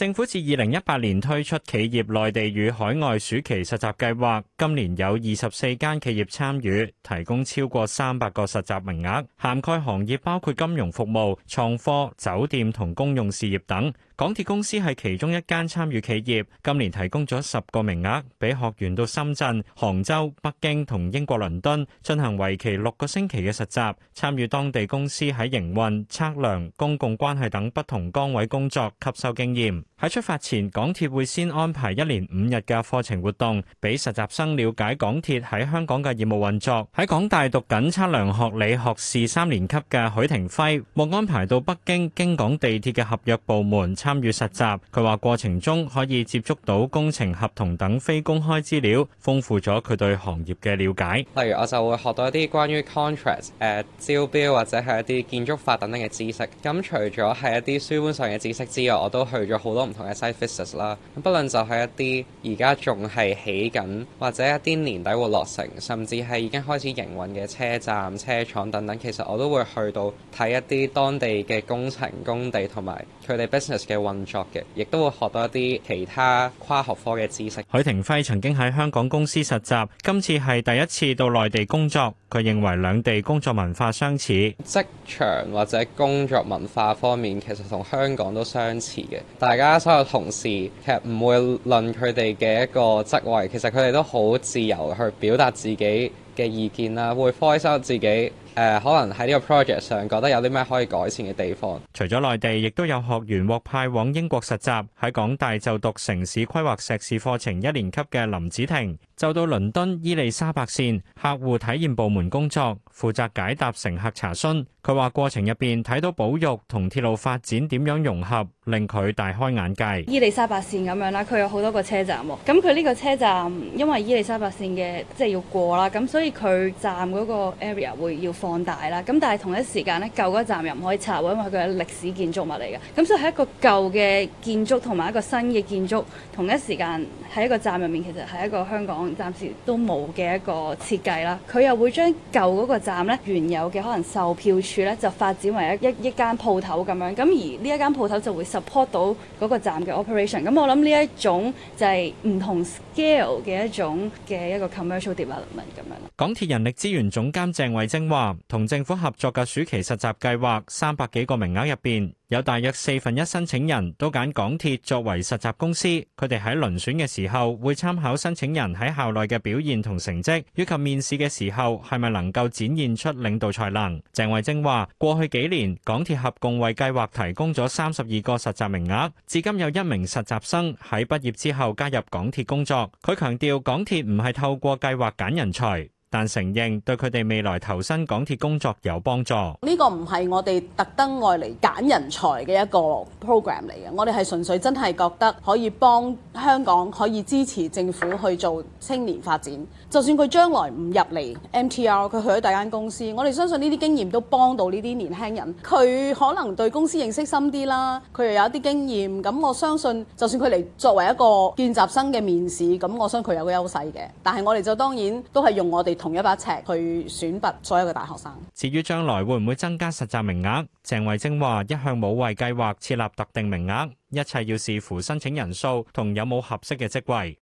政府自二零一八年推出企業內地與海外暑期實習計劃，今年有二十四間企業參與，提供超過三百個實習名額，涵蓋行業包括金融服務、創科、酒店同公用事業等。港鐵公司係其中一間參與企業，今年提供咗十個名額，俾學員到深圳、杭州、北京同英國倫敦進行為期六個星期嘅實習，參與當地公司喺營運、測量、公共關係等不同崗位工作，吸收經驗。喺出發前，港鐵會先安排一連五日嘅課程活動，俾實習生了解港鐵喺香港嘅業務運作。喺港大讀緊測量學理學士三年級嘅許廷輝，獲安排到北京京港地鐵嘅合約部門測。參與實習，佢話過程中可以接觸到工程合同等非公開資料，豐富咗佢對行業嘅了解。例如，我就會學到一啲關於 contract 誒招標，uh，或者係一啲建築法等等嘅知識。咁除咗係一啲書本上嘅知識之外，我都去咗好多唔同嘅 site visits 啦。咁，不論就係一啲而家仲係起緊，或者一啲年底會落成，甚至係已經開始營運嘅車站、車廠等等，其實我都會去到睇一啲當地嘅工程工地同埋佢哋 business 嘅。運作嘅，亦都會學到一啲其他跨學科嘅知識。許廷輝曾經喺香港公司實習，今次係第一次到內地工作。佢認為兩地工作文化相似，職場或者工作文化方面其實同香港都相似嘅。大家所有同事其實唔會論佢哋嘅一個職位，其實佢哋都好自由去表達自己嘅意見啦，會 voice out 自己。誒可能喺呢個 project 上覺得有啲咩可以改善嘅地方。除咗內地，亦都有學員獲派派往英國實習。喺港大就讀城市規劃碩士課程一年級嘅林子婷，就到倫敦伊利沙伯線客戶體驗部門工作，負責解答乘客查詢。佢話過程入邊睇到保育同鐵路發展點樣融合，令佢大開眼界。伊利沙伯線咁樣啦，佢有好多個車站喎。咁佢呢個車站因為伊利沙伯線嘅即係要過啦，咁所以佢站嗰個 area 會要，放大啦，咁但係同一時間咧，舊嗰站又唔可以拆，因為佢係歷史建築物嚟嘅。咁所以係一個舊嘅建築同埋一個新嘅建築同一時間喺一個站入面，其實係一個香港暫時都冇嘅一個設計啦。佢又會將舊個站咧原有嘅可能售票處咧就發展為一一一間鋪頭咁樣，咁而呢一間鋪頭就會 support 到個站嘅 operation。咁我諗呢一種就係唔同 scale 嘅一種嘅一個 commercial development 咁樣。港鐵人力資源總監鄭慧晶話。同政府合作嘅暑期實習計劃，三百幾個名額入邊，有大約四分一申請人都揀港鐵作為實習公司。佢哋喺遴選嘅時候，會參考申請人喺校內嘅表現同成績，以及面試嘅時候係咪能夠展現出領導才能。鄭慧晶話：過去幾年，港鐵合共為計劃提供咗三十二個實習名額，至今有一名實習生喺畢業之後加入港鐵工作。佢強調，港鐵唔係透過計劃揀人才。但承認對佢哋未來投身港鐵工作有幫助。呢個唔係我哋特登外嚟揀人才嘅一個 program 嚟嘅，我哋係純粹真係覺得可以幫香港，可以支持政府去做青年發展。就算佢將來唔入嚟 MTR，佢去咗第間公司，我哋相信呢啲經驗都幫到呢啲年輕人。佢可能對公司認識深啲啦，佢又有一啲經驗，咁我相信就算佢嚟作為一個見習生嘅面試，咁我相信佢有個優勢嘅。但係我哋就當然都係用我哋，同一把尺去選拔所有嘅大學生。至於將來會唔會增加實習名額？鄭慧晶話：一向冇為計劃設立特定名額，一切要視乎申請人數同有冇合適嘅職位。